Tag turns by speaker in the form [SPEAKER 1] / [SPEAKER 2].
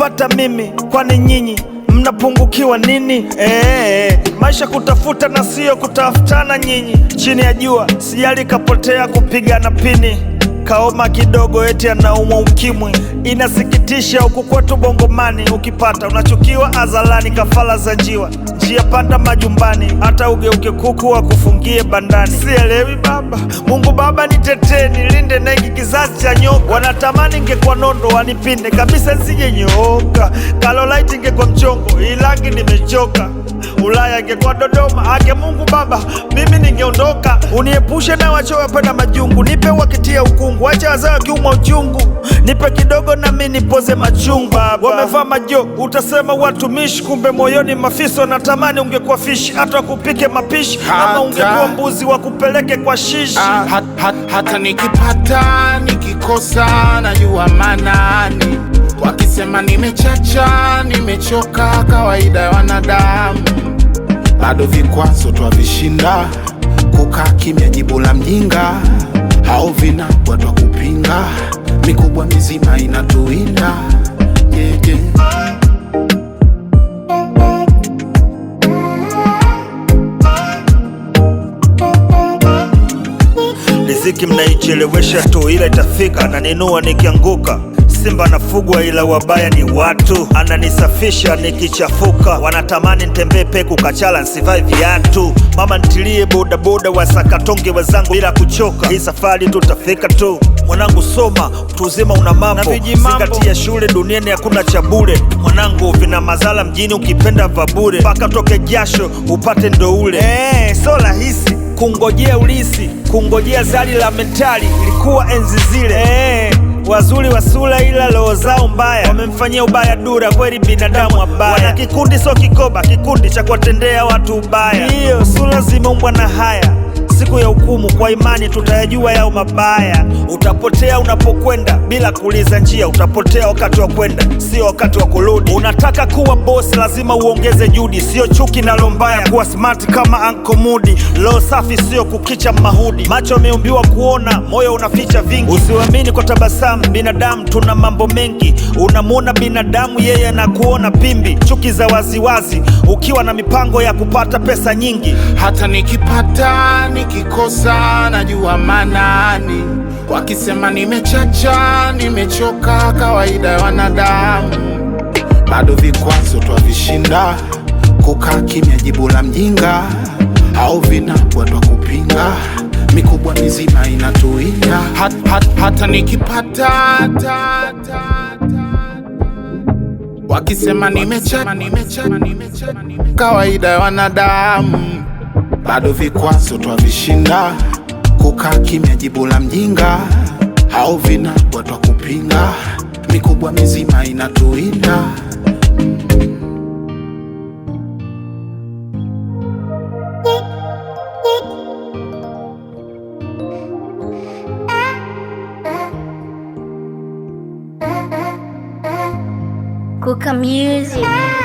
[SPEAKER 1] kunipata mimi, kwani nyinyi mnapungukiwa nini? Eee, maisha kutafuta na siyo kutafutana nyinyi. Chini ya jua sijali kapotea kupigana pini, kaoma kidogo eti anaumwa ukimwi. Inasikitisha huku kwetu Bongomani, ukipata unachukiwa azalani, kafala za njiwa njia panda majumbani, hata ugeuke kuku wa kufungie bandani. Sielewi baba, Mungu baba nitetee, nilinde negi kizazi cha nyoka. Wanatamani ngekuwa nondo wanipinde kabisa nsije nyooka. Kalolaiti ngekuwa mchongo, ilangi nimechoka. Ulaya ngekwa Dodoma, ake Mungu baba mimi ningeondoka. Uniepushe na wacho panda majungu, nipe wakitia ukungu, wacha wazao wakiumwa uchungu, nipe kidogo nami nipoze machungu. Wamevaa majoho utasema watumishi, kumbe moyoni mafiso na Tamani ungekuwa fishi hata wakupike mapishi, ama ungekuwa mbuzi wa kupeleke kwa shishi. Ah,
[SPEAKER 2] hata nikipata nikikosa, najua manani wakisema nimechacha, nimechoka, kawaida ya wanadamu. Bado vikwazo twavishinda, kukaa kimya jibu la mjinga, hao twa kupinga mikubwa mizima inatuinda, yeah, yeah.
[SPEAKER 1] muziki mnaichelewesha tu, ila itafika. Ananinua nikianguka, simba nafugwa, ila wabaya ni watu. Ananisafisha nikichafuka, wanatamani ntembee peku kachala, nsivai viatu. Mama ntilie bodaboda, wasakatonge wazangu bila kuchoka, hii safari tutafika tu mwanangu, soma, mtu uzima una mambo, zingatia shule, duniani hakuna cha bure mwanangu, vina mazala mjini, ukipenda vabure mpaka toke jasho upate ndo ule. Hey, eh, so rahisi kungojea ulisi, kungojea zali la mentali, ilikuwa enzi zile. Hey, eh, wazuri wa sura ila roho zao mbaya, wamemfanyia ubaya dura kweli binadamu abaya. Wana kikundi so kikoba, kikundi cha kuwatendea watu ubaya, hiyo sura zimeumbwa na haya siku ya hukumu, kwa imani tutayajua yao mabaya. Utapotea unapokwenda bila kuuliza njia, utapotea wakati wa kwenda, sio wakati wa kurudi. Unataka kuwa boss, lazima uongeze judi sio chuki na lombaya. Kuwa smart kama Anko Mudi, leo safi, sio kukicha mahudi. Macho ameumbiwa kuona, moyo unaficha vingi. Usiwamini kwa tabasamu, binadamu tuna mambo mengi. Unamwona binadamu, yeye anakuona pimbi. Chuki za waziwazi, ukiwa na mipango ya kupata pesa nyingi, hata nikipata ni wakikosa najua
[SPEAKER 2] manani, wakisema nimechacha, nimechoka, kawaida ya wanadamu. Bado vikwazo twavishinda, kukaa kimya jibu la mjinga, au vinapwa twa kupinga mikubwa mizima inatuinda hat, hat, hata nikipata ta, ta, ta, wakisema nimechacha, kawaida ya wanadamu bado vikwazo twavishinda, kukaa kimya jibu la mjinga, hao vina twa kupinga, mikubwa mizima inatuinda
[SPEAKER 1] Kuka Music.